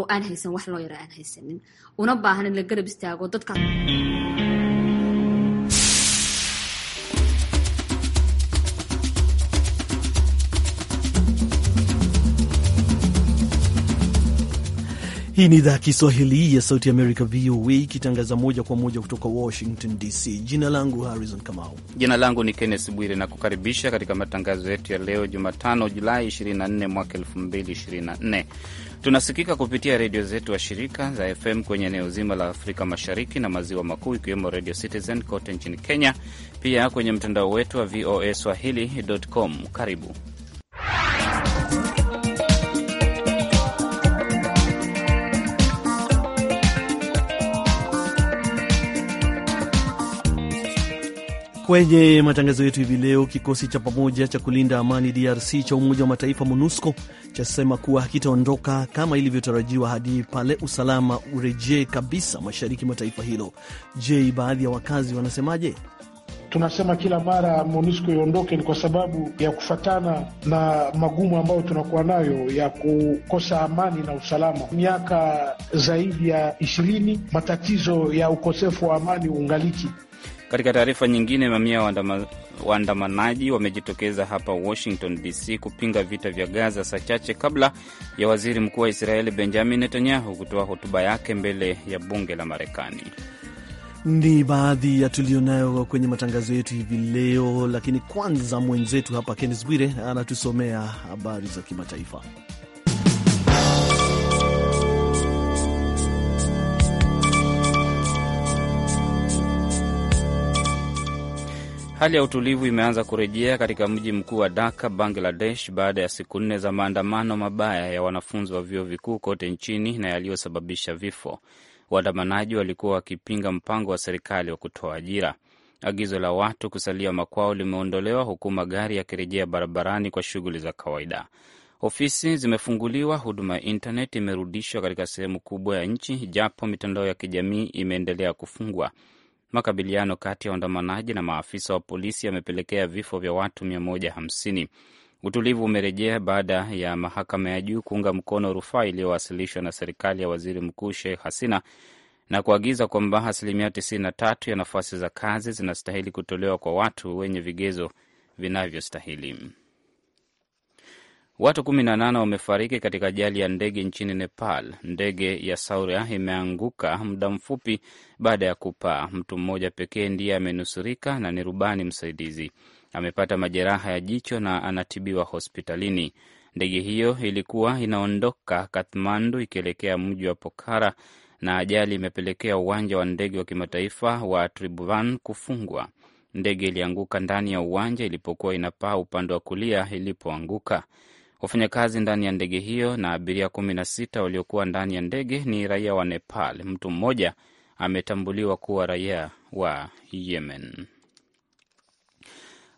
oo aan haysan wax loo yaro aan haysanin una baahan in la garab istaago dadka Hii ni idhaa Kiswahili ya Sauti Amerika, VOA, ikitangaza moja kwa moja kutoka Washington DC. Jina langu Harrison Kamau. Jina langu ni Kenneth Bwire na kukaribisha katika matangazo yetu ya leo Jumatano, Julai 24 mwaka 2024. Tunasikika kupitia redio zetu wa shirika za FM kwenye eneo zima la Afrika Mashariki na Maziwa Makuu, ikiwemo Radio Citizen kote nchini Kenya, pia kwenye mtandao wetu wa VOA swahili.com. Karibu Kwenye matangazo yetu hivi leo, kikosi cha pamoja cha kulinda amani DRC cha Umoja wa Mataifa MONUSCO chasema kuwa hakitaondoka kama ilivyotarajiwa hadi pale usalama urejee kabisa mashariki mwa taifa hilo. Je, baadhi ya wakazi wanasemaje? Tunasema kila mara MONUSCO iondoke ni kwa sababu ya kufatana na magumu ambayo tunakuwa nayo ya kukosa amani na usalama. Miaka zaidi ya ishirini matatizo ya ukosefu wa amani uungaliki katika taarifa nyingine, mamia waandamanaji wamejitokeza hapa Washington DC kupinga vita vya Gaza saa chache kabla ya waziri mkuu wa Israeli Benjamin Netanyahu kutoa hotuba yake mbele ya bunge la Marekani. Ni baadhi ya tulionayo kwenye matangazo yetu hivi leo, lakini kwanza mwenzetu hapa Kennes Bwire anatusomea habari za kimataifa. Hali ya utulivu imeanza kurejea katika mji mkuu wa Dhaka, Bangladesh, baada ya siku nne za maandamano mabaya ya wanafunzi wa vyuo vikuu kote nchini na yaliyosababisha vifo. Waandamanaji walikuwa wakipinga mpango wa serikali wa kutoa ajira. Agizo la watu kusalia makwao limeondolewa huku magari yakirejea barabarani kwa shughuli za kawaida. Ofisi zimefunguliwa, huduma ya intaneti imerudishwa katika sehemu kubwa ya nchi, japo mitandao ya kijamii imeendelea kufungwa. Makabiliano kati ya waandamanaji na maafisa wa polisi yamepelekea vifo vya watu 150. Utulivu umerejea baada ya mahakama ya juu kuunga mkono rufaa iliyowasilishwa na serikali ya waziri mkuu Sheikh Hasina na kuagiza kwamba asilimia 93 ya nafasi za kazi zinastahili kutolewa kwa watu wenye vigezo vinavyostahili. Watu 18 wamefariki katika ajali ya ndege nchini Nepal. Ndege ya Sauria imeanguka muda mfupi baada ya kupaa. Mtu mmoja pekee ndiye amenusurika na ni rubani msaidizi. Amepata majeraha ya jicho na anatibiwa hospitalini. Ndege hiyo ilikuwa inaondoka Kathmandu ikielekea mji wa Pokhara na ajali imepelekea uwanja wa ndege wa kimataifa wa Tribhuvan kufungwa. Ndege ilianguka ndani ya uwanja ilipokuwa inapaa upande wa kulia ilipoanguka. Wafanyakazi ndani ya ndege hiyo na abiria kumi na sita waliokuwa ndani ya ndege ni raia wa Nepal. Mtu mmoja ametambuliwa kuwa raia wa Yemen.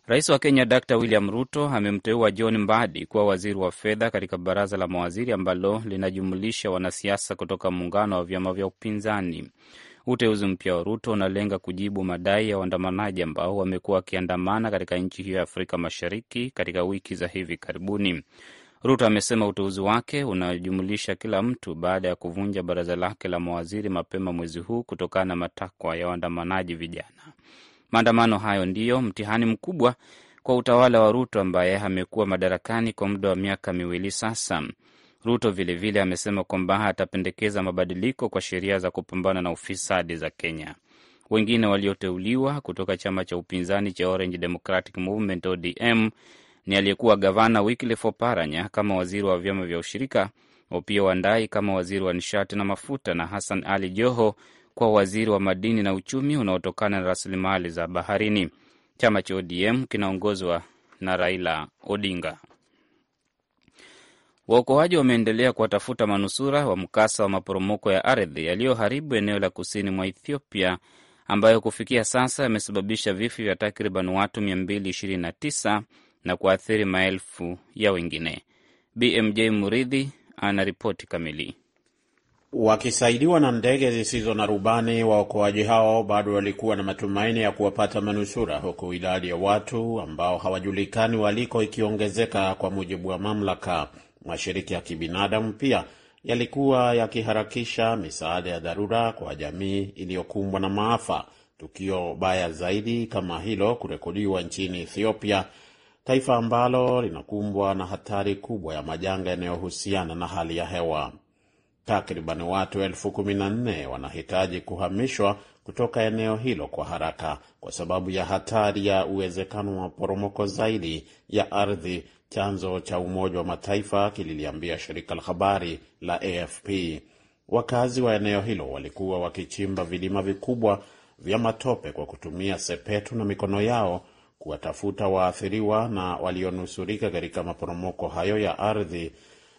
Rais wa Kenya Dr William Ruto amemteua John Mbadi kuwa waziri wa fedha katika baraza la mawaziri ambalo linajumulisha wanasiasa kutoka muungano wa vyama vya upinzani. Uteuzi mpya wa Ruto unalenga kujibu madai ya waandamanaji ambao wamekuwa wakiandamana katika nchi hiyo ya Afrika Mashariki katika wiki za hivi karibuni. Ruto amesema uteuzi wake unajumulisha kila mtu baada ya kuvunja baraza lake la mawaziri mapema mwezi huu kutokana na matakwa ya waandamanaji vijana. Maandamano hayo ndiyo mtihani mkubwa kwa utawala wa Ruto ambaye amekuwa madarakani kwa muda wa miaka miwili sasa. Ruto vilevile vile amesema kwamba atapendekeza mabadiliko kwa sheria za kupambana na ufisadi za Kenya. Wengine walioteuliwa kutoka chama cha upinzani cha Orange Democratic Movement ODM ni aliyekuwa gavana Wycliffe Oparanya kama waziri wa vyama vya ushirika, Opiyo Wandayi kama waziri wa nishati na mafuta, na Hassan Ali Joho kwa waziri wa madini na uchumi unaotokana na rasilimali za baharini. Chama cha ODM kinaongozwa na Raila Odinga. Waokoaji wameendelea kuwatafuta manusura wa mkasa wa maporomoko ya ardhi yaliyoharibu eneo la kusini mwa Ethiopia ambayo kufikia sasa yamesababisha vifo vya takriban watu 229 na kuathiri maelfu ya wengine. BMJ Muridhi ana ripoti kamili. Wakisaidiwa na ndege zisizo na rubani, waokoaji hao bado walikuwa na matumaini ya kuwapata manusura, huku idadi ya watu ambao hawajulikani waliko ikiongezeka, kwa mujibu wa mamlaka. Mashirika ya kibinadamu pia yalikuwa yakiharakisha misaada ya dharura kwa jamii iliyokumbwa na maafa. Tukio baya zaidi kama hilo kurekodiwa nchini Ethiopia, taifa ambalo linakumbwa na hatari kubwa ya majanga yanayohusiana na hali ya hewa. Takriban watu elfu kumi na nne wanahitaji kuhamishwa kutoka eneo hilo kwa haraka kwa sababu ya hatari ya uwezekano wa poromoko zaidi ya ardhi chanzo cha Umoja wa Mataifa kililiambia shirika la habari la AFP. Wakazi wa eneo hilo walikuwa wakichimba vilima vikubwa vya matope kwa kutumia sepetu na mikono yao kuwatafuta waathiriwa na walionusurika katika maporomoko hayo ya ardhi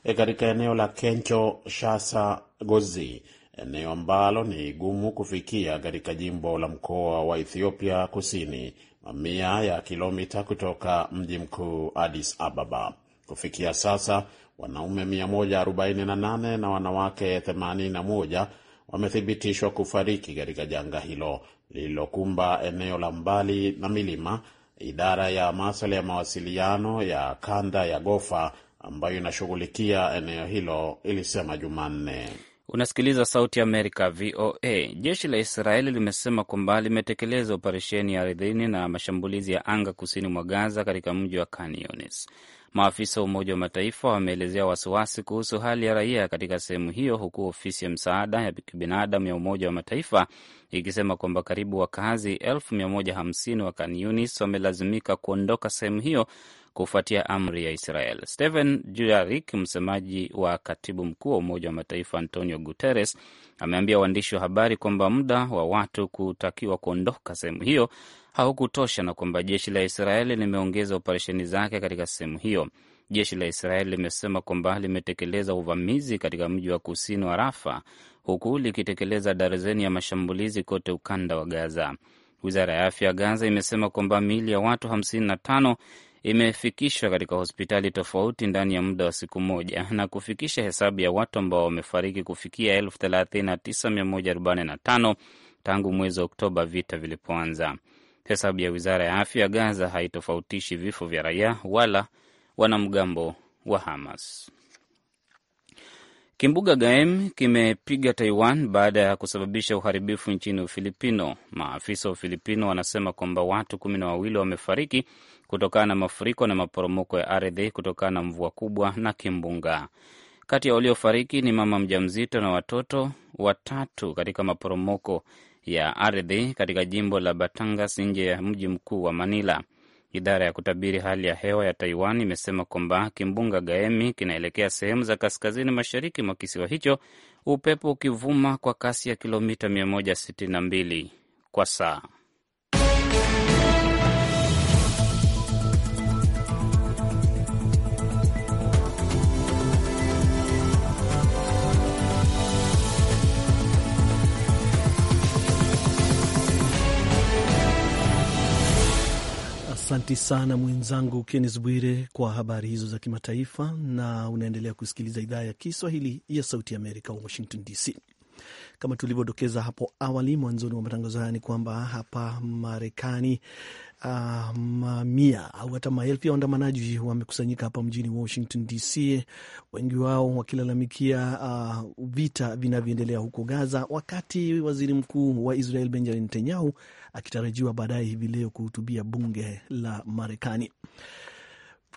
e katika eneo la Kencho Shasa Gozi, eneo ambalo ni gumu kufikia katika jimbo la mkoa wa Ethiopia Kusini mamia ya kilomita kutoka mji mkuu Addis Ababa. Kufikia sasa wanaume 148 na wanawake 81 wamethibitishwa kufariki katika janga hilo lililokumba eneo la mbali na milima. Idara ya maswala ya mawasiliano ya kanda ya Gofa ambayo inashughulikia eneo hilo ilisema Jumanne. Unasikiliza Sauti Amerika, VOA. Jeshi la Israeli limesema kwamba limetekeleza operesheni ya ardhini na mashambulizi ya anga kusini mwa Gaza, katika mji wa Khan Younis. Maafisa wa Umoja wa Mataifa wameelezea wasiwasi kuhusu hali ya raia katika sehemu hiyo, huku ofisi ya msaada ya kibinadamu ya Umoja wa Mataifa ikisema kwamba karibu wakazi 150 wa Khan wamelazimika kuondoka sehemu hiyo kufuatia amri ya Israel. Stephen Dujarric, msemaji wa katibu mkuu wa Umoja wa Mataifa Antonio Guterres, ameambia waandishi wa habari kwamba muda wa watu kutakiwa kuondoka sehemu hiyo haukutosha na kwamba jeshi la Israeli limeongeza operesheni zake katika sehemu hiyo. Jeshi la Israeli limesema kwamba limetekeleza uvamizi katika mji wa kusini wa Rafa, huku likitekeleza darzeni ya mashambulizi kote ukanda wa Gaza. Wizara ya afya ya Gaza imesema kwamba miili ya watu 55 imefikishwa katika hospitali tofauti ndani ya muda wa siku moja na kufikisha hesabu ya watu ambao wamefariki kufikia 39145 tangu mwezi Oktoba vita vilipoanza. Hesabu ya wizara ya afya Gaza haitofautishi vifo vya raia wala wanamgambo wa Hamas. Kimbuga Gaem kimepiga Taiwan baada ya kusababisha uharibifu nchini Ufilipino. Maafisa wa Ufilipino wanasema kwamba watu kumi na wawili wamefariki kutokana na mafuriko na maporomoko ya ardhi kutokana na mvua kubwa na kimbunga. Kati ya waliofariki ni mama mjamzito na watoto watatu katika maporomoko ya ardhi katika jimbo la Batangas nje ya mji mkuu wa Manila. Idara ya kutabiri hali ya hewa ya Taiwan imesema kwamba kimbunga Gaemi kinaelekea sehemu za kaskazini mashariki mwa kisiwa hicho, upepo ukivuma kwa kasi ya kilomita 162 kwa saa. Asante sana mwenzangu Kennes Bwire kwa habari hizo za kimataifa, na unaendelea kusikiliza idhaa ya Kiswahili ya Sauti ya Amerika, Washington DC. Kama tulivyodokeza hapo awali mwanzoni mwa matangazo haya, ni kwamba hapa Marekani uh, ah, mamia au hata maelfu ya waandamanaji wamekusanyika hapa mjini Washington DC, wengi wao wakilalamikia uh, vita vinavyoendelea huko Gaza, wakati waziri mkuu wa Israel Benjamin Netanyahu akitarajiwa baadaye hivi leo kuhutubia bunge la Marekani.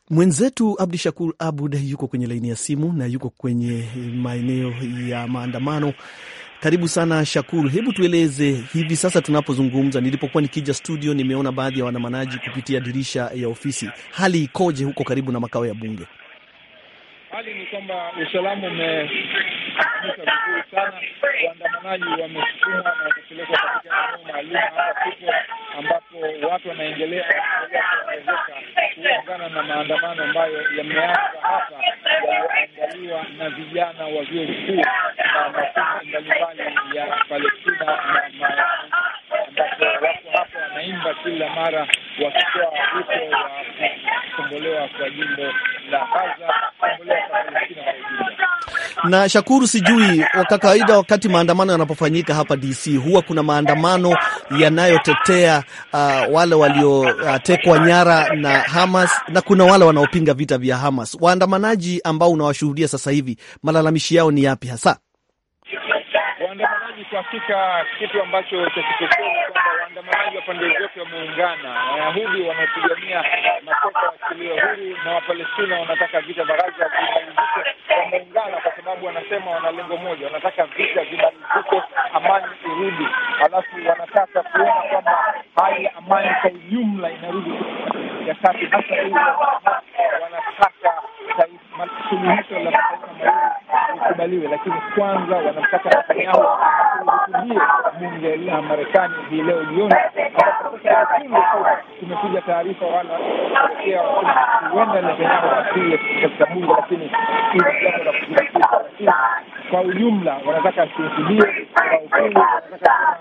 Mwenzetu Abdi Shakur Abud yuko kwenye laini ya simu na yuko kwenye maeneo ya maandamano karibu sana Shakuru, hebu tueleze hivi sasa tunapozungumza. Nilipokuwa nikija studio, nimeona baadhi ya waandamanaji kupitia dirisha ya ofisi. Hali ikoje huko karibu na makao ya Bunge? Hali ni kwamba usalama umefanyika vizuri sana. Waandamanaji wamesukuma na wamepelekwa katika eneo maalum hapa tupo, ambapo watu wanaendelea kuongezeka kuungana na maandamano ambayo yameanza hapa, yaliyoandaliwa na vijana wa vyuo vikuu na mbalimbali ya Palestina ambapo wako hapo wanaimba kila mara wakitoa wito wa kukombolewa kwa jimbo la Gaza, kukombolewa kwa Palestina kwa ujumla. Na shakuru, sijui kwa kawaida, wakati maandamano yanapofanyika hapa DC huwa kuna maandamano yanayotetea uh, wale waliotekwa uh, nyara na Hamas na kuna wale wanaopinga vita vya Hamas. Waandamanaji ambao unawashuhudia sasa hivi, malalamishi yao ni yapi hasa? hakika kitu ambacho cha kipekee kwamba waandamanaji wa pande zote wameungana. Wayahudi wanaopigania mateka waachiliwe huru na Wapalestina wanataka vita vya Gaza vimalizike, wameungana kwa sababu wanasema wana lengo moja, wanataka vita vimalizike, amani irudi, halafu wanataka kuona kwamba hali ya amani kwa ujumla inarudi ya kati, hasa wanataka suluhisho la mataifa mawili likubaliwe, lakini kwanza wanamtaka Netanyahu likimbie bunge la Marekani hii leo jioni, ambapo sasa yakindu tumekuja taarifa wala huenda Netanyahu asiye katika bunge, lakini hili jambo la kuiia, lakini kwa ujumla wanataka asiingilie kwa ukweli wanataka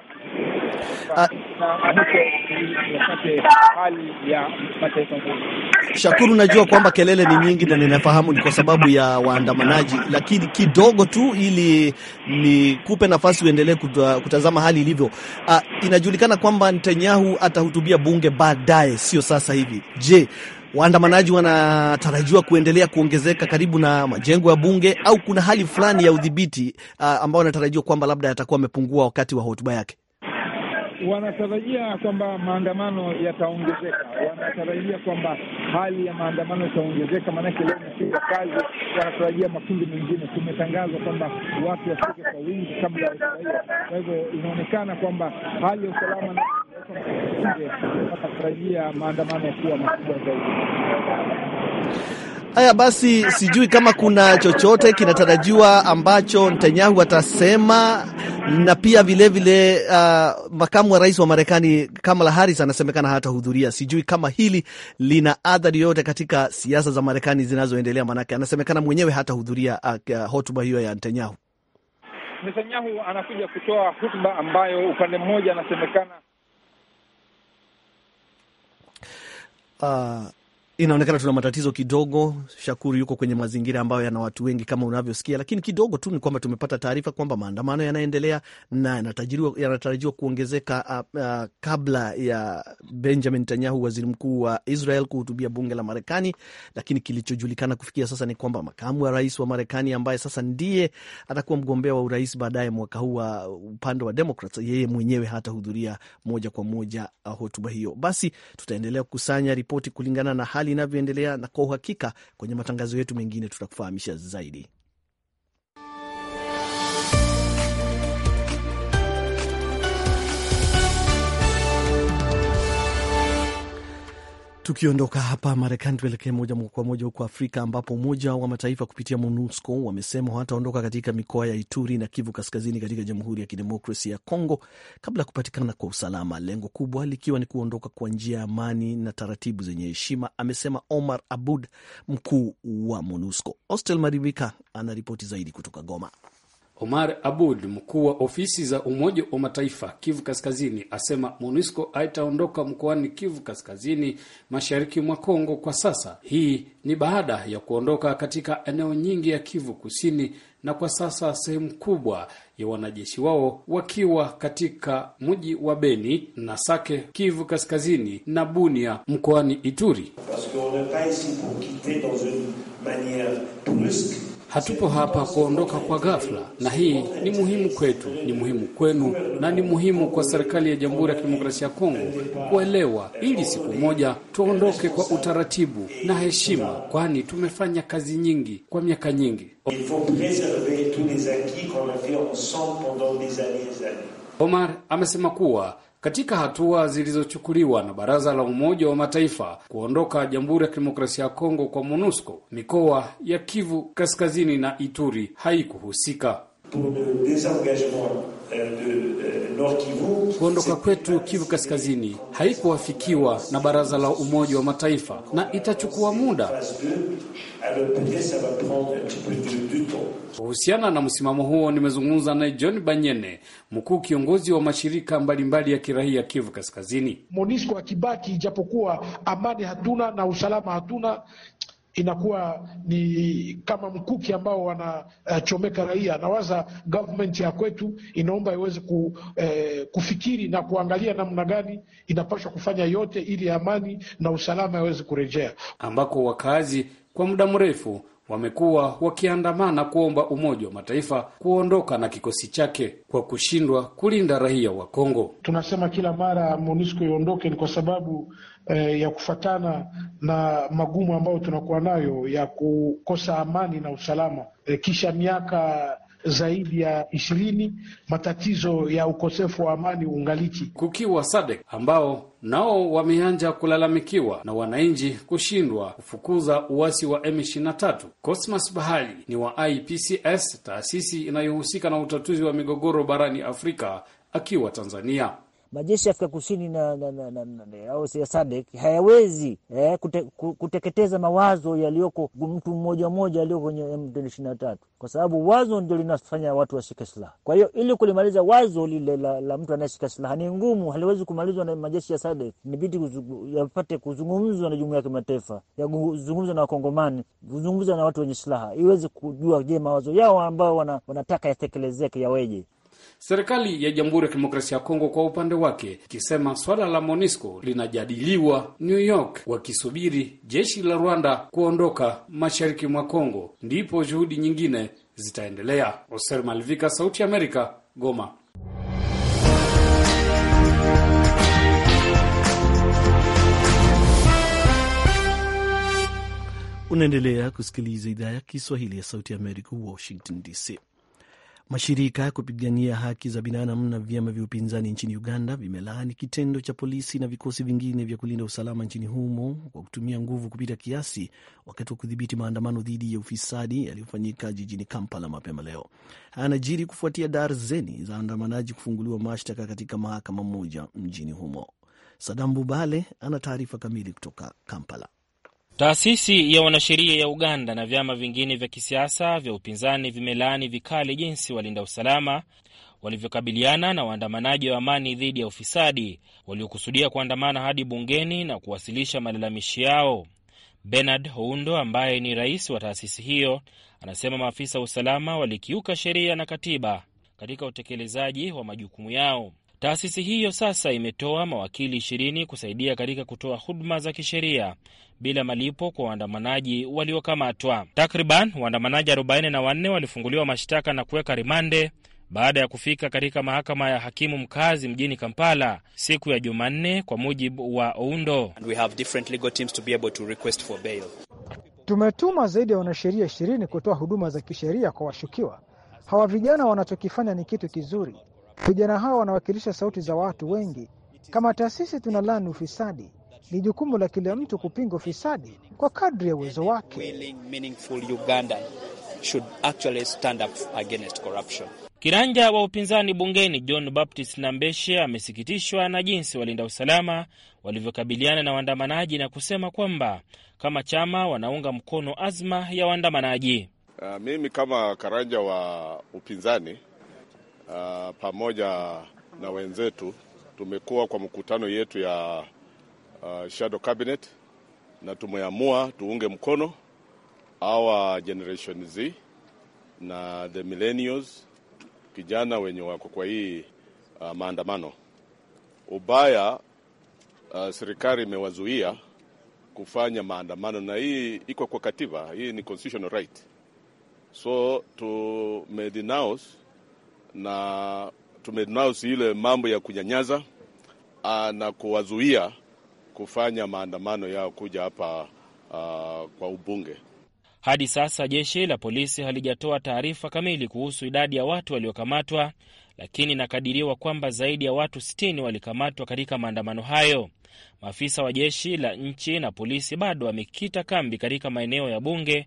Shakuru, najua kwamba kelele ni nyingi na ninafahamu ni kwa sababu ya waandamanaji, lakini kidogo tu ili nikupe nafasi uendelee kutazama hali ilivyo. Uh, inajulikana kwamba Netanyahu atahutubia bunge baadaye, sio sasa hivi. Je, waandamanaji wanatarajiwa kuendelea kuongezeka karibu na majengo ya bunge au kuna hali fulani ya udhibiti uh, ah, ambao wanatarajiwa kwamba labda yatakuwa amepungua wakati wa hotuba yake? wanatarajia kwamba maandamano yataongezeka, wanatarajia kwamba hali ya maandamano itaongezeka, maanake leo ni siku ya kazi. Wanatarajia makundi mengine, kumetangazwa kwamba watu wafike kwa wingi kabla ya utaraia. Kwa hivyo inaonekana kwamba hali ya usalama na wanatarajia maandamano yakiwa makubwa zaidi. Haya basi, sijui kama kuna chochote kinatarajiwa ambacho Netanyahu atasema, na pia vilevile vile, uh, makamu wa rais wa Marekani Kamala Harris anasemekana hatahudhuria. Sijui kama hili lina athari yoyote katika siasa za Marekani zinazoendelea, maanake anasemekana mwenyewe hatahudhuria uh, uh, hotuba hiyo ya Netanyahu. Netanyahu anakuja kutoa hotuba ambayo upande mmoja anasemekana uh, Inaonekana tuna matatizo kidogo. Shakuru yuko kwenye mazingira ambayo yana watu wengi kama unavyosikia, lakini kidogo tu ni kwamba tumepata taarifa kwamba maandamano yanaendelea na yanatarajiwa kuongezeka uh, uh, kabla ya Benjamin Netanyahu, waziri mkuu wa Israel, kuhutubia bunge la Marekani. Lakini kilichojulikana kufikia sasa ni kwamba makamu wa rais wa Marekani ambaye sasa ndiye atakuwa mgombea wa urais baadaye mwaka huu wa upande wa Democrats, yeye mwenyewe hatahudhuria moja kwa moja uh, hotuba hiyo. Basi tutaendelea kukusanya ripoti kulingana na hali hali inavyoendelea, na kwa uhakika kwenye matangazo yetu mengine tutakufahamisha zaidi. Tukiondoka hapa Marekani, tuelekee moja kwa moja huko Afrika, ambapo Umoja wa Mataifa kupitia MONUSCO wamesema hawataondoka katika mikoa ya Ituri na Kivu Kaskazini katika Jamhuri ya Kidemokrasia ya Kongo kabla ya kupatikana kwa usalama, lengo kubwa likiwa ni kuondoka kwa njia ya amani na taratibu zenye heshima, amesema Omar Abud, mkuu wa MONUSCO. Ostel Marivika anaripoti zaidi kutoka Goma. Omar Abud, mkuu wa ofisi za Umoja wa Mataifa Kivu Kaskazini, asema MONUSCO haitaondoka mkoani Kivu Kaskazini, mashariki mwa Kongo kwa sasa. Hii ni baada ya kuondoka katika eneo nyingi ya Kivu Kusini, na kwa sasa sehemu kubwa ya wanajeshi wao wakiwa katika mji wa Beni na Sake, Kivu Kaskazini, na Bunia mkoani Ituri. Hatupo hapa kuondoka kwa ghafla, na hii ni muhimu kwetu, ni muhimu kwenu, na ni muhimu kwa serikali ya Jamhuri ya Kidemokrasia ya Kongo kuelewa, ili siku moja tuondoke kwa utaratibu na heshima, kwani tumefanya kazi nyingi kwa miaka nyingi. Omar amesema kuwa katika hatua zilizochukuliwa na Baraza la Umoja wa Mataifa kuondoka Jamhuri ya Kidemokrasia ya Kongo kwa MONUSCO, mikoa ya Kivu Kaskazini na Ituri haikuhusika. Euh, euh, Kuondoka kwetu Kivu Kaskazini haikuwafikiwa na Baraza la Umoja wa Mataifa na itachukua muda. Kuhusiana na msimamo huo, nimezungumza naye John Banyene, mkuu kiongozi wa mashirika mbalimbali ya kiraia Kivu Kaskazini. MONUSCO akibaki, ijapokuwa amani hatuna na usalama hatuna, inakuwa ni kama mkuki ambao wanachomeka eh, uh, raia. Nawaza government ya kwetu inaomba iweze ku, eh, kufikiri na kuangalia namna gani inapaswa kufanya yote ili amani na usalama yaweze kurejea, ambako wakazi kwa muda mrefu wamekuwa wakiandamana kuomba Umoja wa Mataifa kuondoka na kikosi chake kwa kushindwa kulinda raia wa Kongo. Tunasema kila mara MONUSCO iondoke ni kwa sababu eh, ya kufatana na magumu ambayo tunakuwa nayo ya kukosa amani na usalama eh, kisha miaka zaidi ya ishirini. Matatizo ya ukosefu wa amani ungaliki kukiwa Sadek ambao nao wameanja kulalamikiwa na wananchi kushindwa kufukuza uasi wa M23. Cosmas Bahali ni wa IPCS, taasisi inayohusika na utatuzi wa migogoro barani Afrika, akiwa Tanzania majeshi ya Afrika Kusini na, na, na, na, na, na, au ya SADC hayawezi eh, kute, kuteketeza mawazo yaliyoko mtu mmoja mmoja aliyo kwenye M23 kwa sababu wazo ndio linafanya watu washike silaha. Kwa hiyo ili kulimaliza wazo lile la, la mtu anayeshika silaha ni ngumu, haliwezi kumalizwa na majeshi ya SADC. Inabidi yapate kuzungumzwa na jumuiya ya kimataifa, yazungumzwa na Wakongomani, kuzungumza na watu wenye silaha iweze kujua, je, mawazo yao ambao wanataka yatekelezeke yaweje? Serikali ya Jamhuri ya Kidemokrasia ya Kongo kwa upande wake ikisema swala la MONUSCO linajadiliwa New York, wakisubiri jeshi la Rwanda kuondoka mashariki mwa Kongo, ndipo juhudi nyingine zitaendelea. Oser Malvika, Sauti ya Amerika, Goma. Unaendelea kusikiliza idhaa ya Kiswahili ya Sauti ya Amerika, Washington DC. Mashirika ya kupigania haki za binadamu na vyama vya upinzani nchini Uganda vimelaani kitendo cha polisi na vikosi vingine vya kulinda usalama nchini humo kwa kutumia nguvu kupita kiasi wakati wa kudhibiti maandamano dhidi ya ufisadi yaliyofanyika jijini Kampala mapema leo. Anajiri kufuatia darzeni za waandamanaji kufunguliwa mashtaka katika mahakama moja mjini humo. Sadam Bubale ana taarifa kamili kutoka Kampala. Taasisi ya wanasheria ya Uganda na vyama vingine vya kisiasa vya upinzani vimelaani vikali jinsi walinda usalama walivyokabiliana na waandamanaji wa amani dhidi ya ufisadi waliokusudia kuandamana hadi bungeni na kuwasilisha malalamishi yao. Bernard houndo ambaye ni rais wa taasisi hiyo anasema maafisa wa usalama walikiuka sheria na katiba katika utekelezaji wa majukumu yao. Taasisi hiyo sasa imetoa mawakili ishirini kusaidia katika kutoa huduma za kisheria bila malipo kwa waandamanaji waliokamatwa. Takriban waandamanaji 44 walifunguliwa mashtaka na kuweka rimande baada ya kufika katika mahakama ya hakimu mkazi mjini Kampala siku ya Jumanne, kwa mujibu wa Oundo. Tumetuma zaidi ya wanasheria ishirini kutoa huduma za kisheria kwa washukiwa hawa. Vijana wanachokifanya ni kitu kizuri Vijana hao wanawakilisha sauti za watu wengi. Kama taasisi tunalani ufisadi, ni jukumu la kila mtu kupinga ufisadi kwa kadri ya uwezo wake. Kiranja wa upinzani bungeni John Baptist Nambeshe amesikitishwa na jinsi walinda usalama walivyokabiliana na waandamanaji na kusema kwamba kama chama wanaunga mkono azma ya waandamanaji. Uh, mimi kama karanja wa upinzani uh, pamoja na wenzetu tumekuwa kwa mkutano yetu ya uh, shadow cabinet na tumeamua tuunge mkono awa generation Z na the millennials, kijana wenye wako kwa hii uh, maandamano. Ubaya uh, serikali imewazuia kufanya maandamano, na hii iko kwa katiba, hii ni constitutional right, so denounce na tumenausi ile mambo ya kunyanyaza ah, na kuwazuia kufanya maandamano yao kuja hapa uh, kwa ubunge. Hadi sasa jeshi la polisi halijatoa taarifa kamili kuhusu idadi ya watu waliokamatwa, lakini inakadiriwa kwamba zaidi ya watu 60 walikamatwa katika maandamano hayo. Maafisa wa jeshi la nchi na polisi bado wamekita kambi katika maeneo ya bunge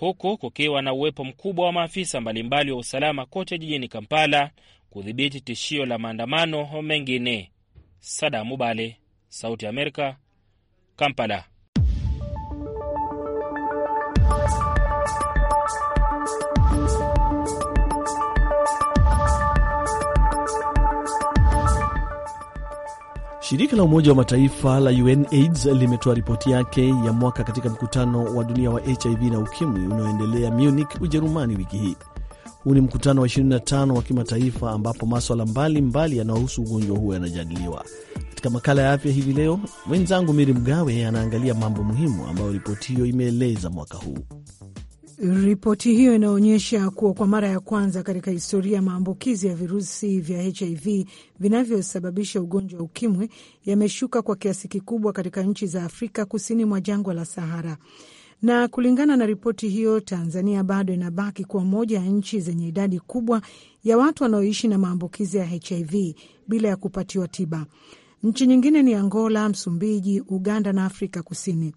huku kukiwa na uwepo mkubwa wa maafisa mbalimbali wa usalama kote jijini Kampala kudhibiti tishio la maandamano mengine. sadamu bale Sauti ya Amerika, Kampala. Shirika la Umoja wa Mataifa la UNAIDS limetoa ripoti yake ya mwaka katika mkutano wa dunia wa HIV na ukimwi unaoendelea Munich, Ujerumani wiki hii. Huu ni mkutano wa 25 wa kimataifa ambapo maswala mbalimbali yanayohusu ugonjwa huo yanajadiliwa. Katika makala ya afya hivi leo, mwenzangu Miri Mgawe anaangalia mambo muhimu ambayo ripoti hiyo imeeleza mwaka huu. Ripoti hiyo inaonyesha kuwa kwa mara ya kwanza katika historia maambukizi ya virusi vya HIV vinavyosababisha ugonjwa wa ukimwi yameshuka kwa kiasi kikubwa katika nchi za Afrika kusini mwa jangwa la Sahara. Na kulingana na ripoti hiyo, Tanzania bado inabaki kuwa moja ya nchi zenye idadi kubwa ya watu wanaoishi na maambukizi ya HIV bila ya kupatiwa tiba. Nchi nyingine ni Angola, Msumbiji, Uganda na Afrika Kusini.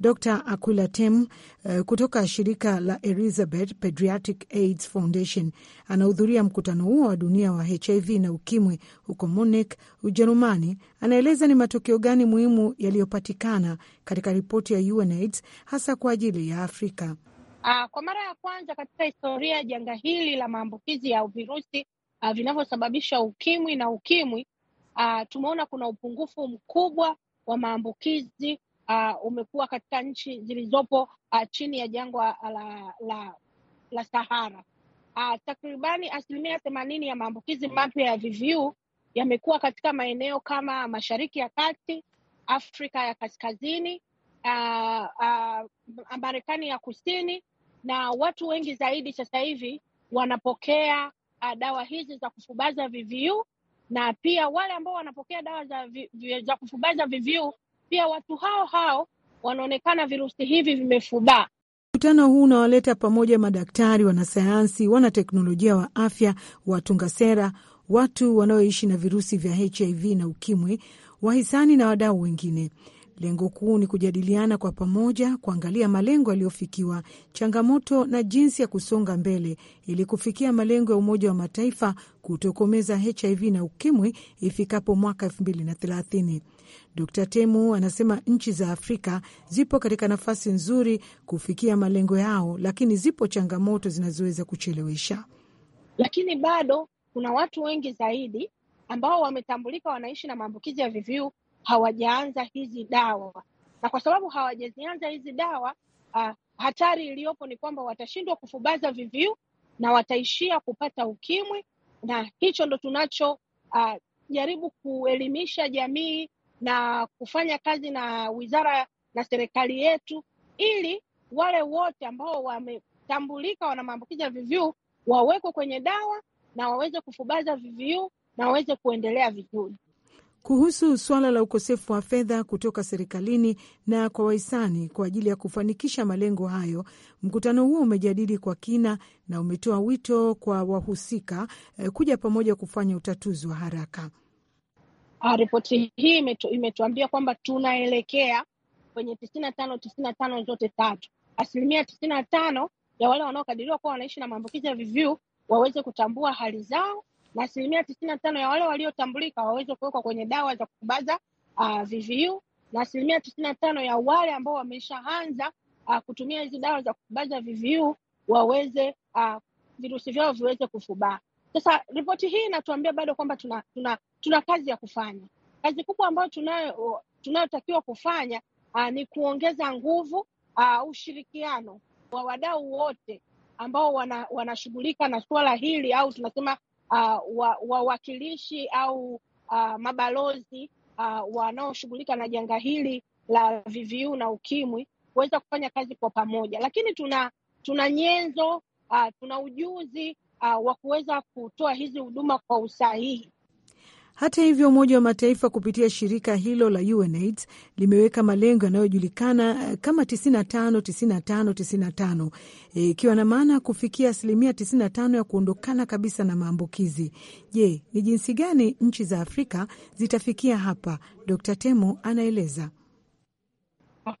Dr aquila Tem eh, kutoka shirika la Elizabeth Pediatric AIDS Foundation anahudhuria mkutano huo wa dunia wa HIV na ukimwi huko Munich, Ujerumani. Anaeleza ni matokeo gani muhimu yaliyopatikana katika ripoti ya UNAIDS hasa kwa ajili ya Afrika. Uh, kwa mara ya kwanza katika historia ya janga hili la maambukizi ya virusi uh, vinavyosababisha ukimwi na ukimwi, uh, tumeona kuna upungufu mkubwa wa maambukizi uh, umekuwa katika nchi zilizopo uh, chini ya jangwa ah, la, la, la Sahara. Uh, takribani asilimia themanini ya maambukizi mapya ya VVU yamekuwa katika maeneo kama Mashariki ya Kati, Afrika ya Kaskazini, uh, uh, Marekani ya Kusini, na watu wengi zaidi sasa hivi wanapokea uh, dawa hizi za kufubaza VVU na pia wale ambao wanapokea dawa za, za kufubaza VVU pia watu hao hao wanaonekana virusi hivi vimefubaa. Mkutano huu unawaleta pamoja madaktari, wanasayansi, wanateknolojia wa afya, watunga sera, watu wanaoishi na virusi vya HIV na ukimwi, wahisani na wadau wengine. Lengo kuu ni kujadiliana kwa pamoja, kuangalia malengo yaliyofikiwa, changamoto na jinsi ya kusonga mbele ili kufikia malengo ya Umoja wa Mataifa kutokomeza HIV na ukimwi ifikapo mwaka 2030. Dkt Temu anasema nchi za Afrika zipo katika nafasi nzuri kufikia malengo yao, lakini zipo changamoto zinazoweza kuchelewesha. Lakini bado kuna watu wengi zaidi ambao wametambulika wanaishi na maambukizi ya VVU hawajaanza hizi dawa, na kwa sababu hawajazianza hizi dawa uh, hatari iliyopo ni kwamba watashindwa kufubaza viviu na wataishia kupata ukimwi, na hicho ndo tunacho uh, jaribu kuelimisha jamii na kufanya kazi na wizara na serikali yetu ili wale wote ambao wametambulika wana maambukizi ya VVU wawekwe kwenye dawa na waweze kufubaza VVU na waweze kuendelea vizuri kuhusu suala la ukosefu wa fedha kutoka serikalini na kwa wahisani kwa ajili ya kufanikisha malengo hayo. Mkutano huo umejadili kwa kina na umetoa wito kwa wahusika eh, kuja pamoja kufanya utatuzi wa haraka. Ah, ripoti hii imetu, imetuambia kwamba tunaelekea kwenye tisini na tano tisini na tano zote tatu, asilimia tisini na tano ya wale wanaokadiriwa kuwa wanaishi na maambukizi ya VVU waweze kutambua hali zao na asilimia tisini na tano ya wale waliotambulika waweze kuwekwa kwenye dawa za kukubaza uh, ah, VVU na asilimia tisini na tano ya wale ambao wameshaanza uh, kutumia hizi dawa za kukubaza VVU waweze uh, virusi vyao viweze kufubaa. Sasa ripoti hii inatuambia bado kwamba tuna, tuna, tuna kazi ya kufanya. Kazi kubwa ambayo tunayo tunayotakiwa kufanya uh, ni kuongeza nguvu uh, ushirikiano wa wadau wote ambao wanashughulika wana na suala hili au tunasema uh, wawakilishi au uh, mabalozi uh, wanaoshughulika na janga hili la VVU na ukimwi kuweza kufanya kazi kwa pamoja, lakini tuna tuna nyenzo uh, tuna ujuzi uh, wa kuweza kutoa hizi huduma kwa usahihi. Hata hivyo, Umoja wa Mataifa kupitia shirika hilo la UNAIDS limeweka malengo yanayojulikana eh, kama 95 95 95 ikiwa e, na maana kufikia asilimia 95 ya kuondokana kabisa na maambukizi. Je, ni jinsi gani nchi za Afrika zitafikia hapa? Dr Temo anaeleza.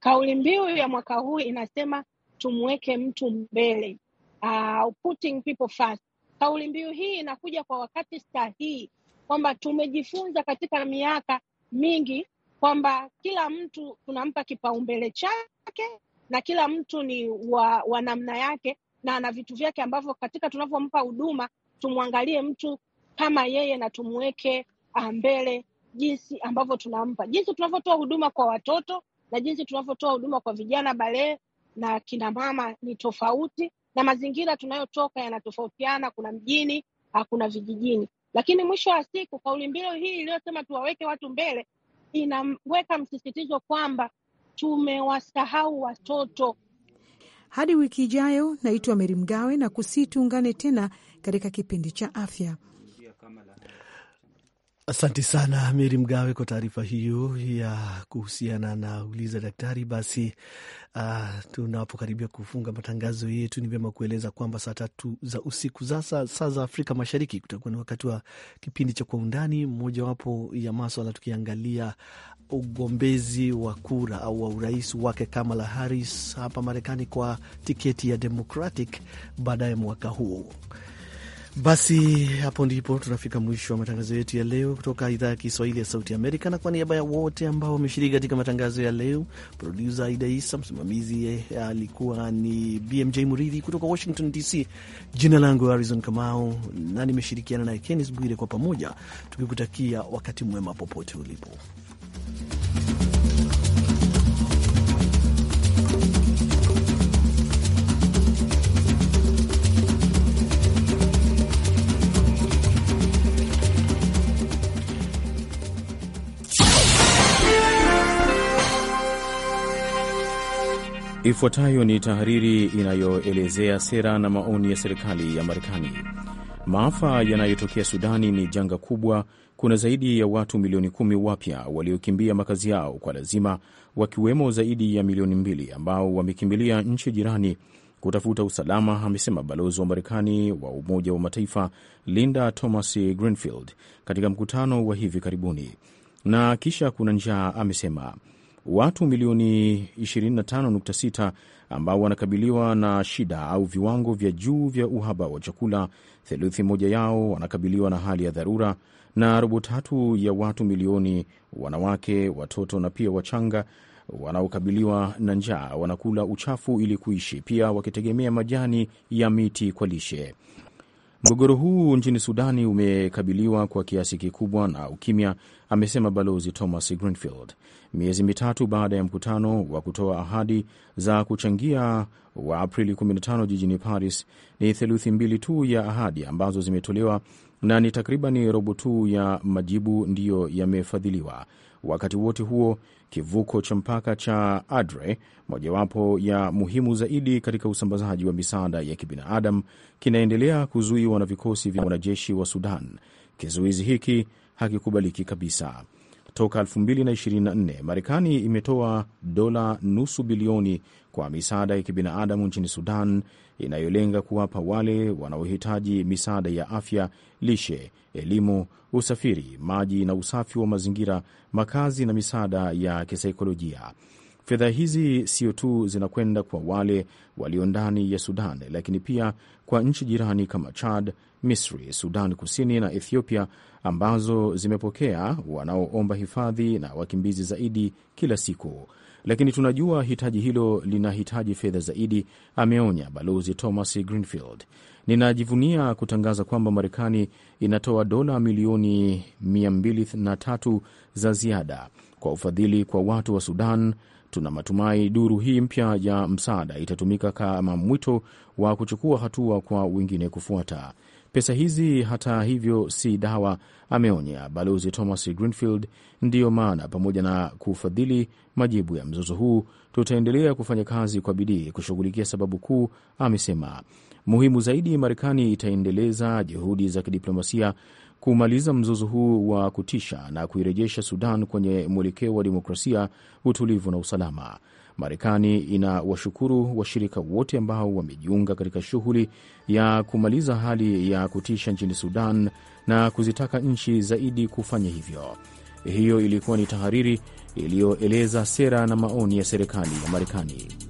Kauli mbiu ya mwaka huu inasema tumweke mtu mbele, uh, putting people first. Kauli mbiu hii inakuja kwa wakati sahihi kwamba tumejifunza katika miaka mingi kwamba kila mtu tunampa kipaumbele chake na kila mtu ni wa, wa namna yake na ana vitu vyake ambavyo katika tunavyompa huduma tumwangalie mtu kama yeye na tumweke ah, mbele jinsi ambavyo tunampa, jinsi tunavyotoa huduma kwa watoto na jinsi tunavyotoa huduma kwa vijana balee na kinamama ni tofauti, na mazingira tunayotoka yanatofautiana. Kuna mjini, ah, kuna vijijini. Lakini mwisho wa siku, kauli mbiu hii iliyosema tuwaweke watu mbele inaweka msisitizo kwamba tumewasahau watoto. Hadi wiki ijayo, naitwa Meri Mgawe na kusii tuungane tena katika kipindi cha afya. Asante sana Meri Mgawe kwa taarifa hiyo ya kuhusiana na uliza daktari. Basi uh, tunapokaribia kufunga matangazo yetu, ni vyema kueleza kwamba saa tatu za usiku sasa saa za Afrika Mashariki kutakuwa ni wakati wa kipindi cha Kwa Undani, mojawapo ya maswala tukiangalia ugombezi wa kura au wa urais wake Kamala Harris hapa Marekani kwa tiketi ya Democratic baadaye mwaka huo. Basi hapo ndipo tunafika mwisho wa matangazo yetu ya leo kutoka idhaa ya Kiswahili ya Sauti Amerika, na kwa niaba ya wote ambao wameshiriki katika matangazo ya leo, produsa Aida Isa, msimamizi alikuwa ni BMJ Muridhi kutoka Washington DC. Jina langu Harizon Kamau na nimeshirikiana naye Kennis Bwire, kwa pamoja tukikutakia wakati mwema popote ulipo. Ifuatayo ni tahariri inayoelezea sera na maoni ya serikali ya Marekani. Maafa yanayotokea Sudani ni janga kubwa. Kuna zaidi ya watu milioni kumi wapya waliokimbia makazi yao kwa lazima, wakiwemo zaidi ya milioni mbili ambao wamekimbilia nchi jirani kutafuta usalama, amesema balozi wa Marekani wa Umoja wa Mataifa Linda Thomas Greenfield katika mkutano wa hivi karibuni. Na kisha kuna njaa, amesema watu milioni 25.6 ambao wanakabiliwa na shida au viwango vya juu vya uhaba wa chakula. Theluthi moja yao wanakabiliwa na hali ya dharura, na robo tatu ya watu milioni, wanawake, watoto na pia wachanga wanaokabiliwa na njaa wanakula uchafu ili kuishi, pia wakitegemea majani ya miti kwa lishe. Mgogoro huu nchini Sudani umekabiliwa kwa kiasi kikubwa na ukimya, amesema Balozi Thomas Greenfield miezi mitatu baada ya mkutano wa kutoa ahadi za kuchangia wa Aprili 15 jijini Paris. Ni theluthi mbili tu ya ahadi ambazo zimetolewa na ni takribani robo tu ya majibu ndiyo yamefadhiliwa. Wakati wote huo, kivuko cha mpaka cha Adre, mojawapo ya muhimu zaidi katika usambazaji wa misaada ya kibinadamu, kinaendelea kuzuiwa na vikosi vya wanajeshi wa Sudan. Kizuizi hiki hakikubaliki kabisa. Toka 2024 Marekani imetoa dola nusu bilioni kwa misaada ya kibinadamu nchini Sudan, inayolenga kuwapa wale wanaohitaji misaada ya afya, lishe, elimu, usafiri, maji na usafi wa mazingira, makazi na misaada ya kisaikolojia. Fedha hizi sio tu zinakwenda kwa wale walio ndani ya Sudan, lakini pia kwa nchi jirani kama Chad, Misri, Sudan Kusini na Ethiopia ambazo zimepokea wanaoomba hifadhi na wakimbizi zaidi kila siku, lakini tunajua hitaji hilo linahitaji fedha zaidi, ameonya Balozi Thomas Greenfield. Ninajivunia kutangaza kwamba Marekani inatoa dola milioni 203 za ziada kwa ufadhili kwa watu wa Sudan. Tuna matumai duru hii mpya ya msaada itatumika kama mwito wa kuchukua hatua kwa wengine kufuata. Pesa hizi hata hivyo si dawa, ameonya Balozi Thomas Greenfield. Ndiyo maana pamoja na kufadhili majibu ya mzozo huu, tutaendelea kufanya kazi kwa bidii kushughulikia sababu kuu, amesema. Muhimu zaidi, Marekani itaendeleza juhudi za kidiplomasia kumaliza mzozo huu wa kutisha na kuirejesha Sudan kwenye mwelekeo wa demokrasia, utulivu na usalama. Marekani inawashukuru washirika wote ambao wamejiunga katika shughuli ya kumaliza hali ya kutisha nchini Sudan na kuzitaka nchi zaidi kufanya hivyo. Hiyo ilikuwa ni tahariri iliyoeleza sera na maoni ya serikali ya Marekani.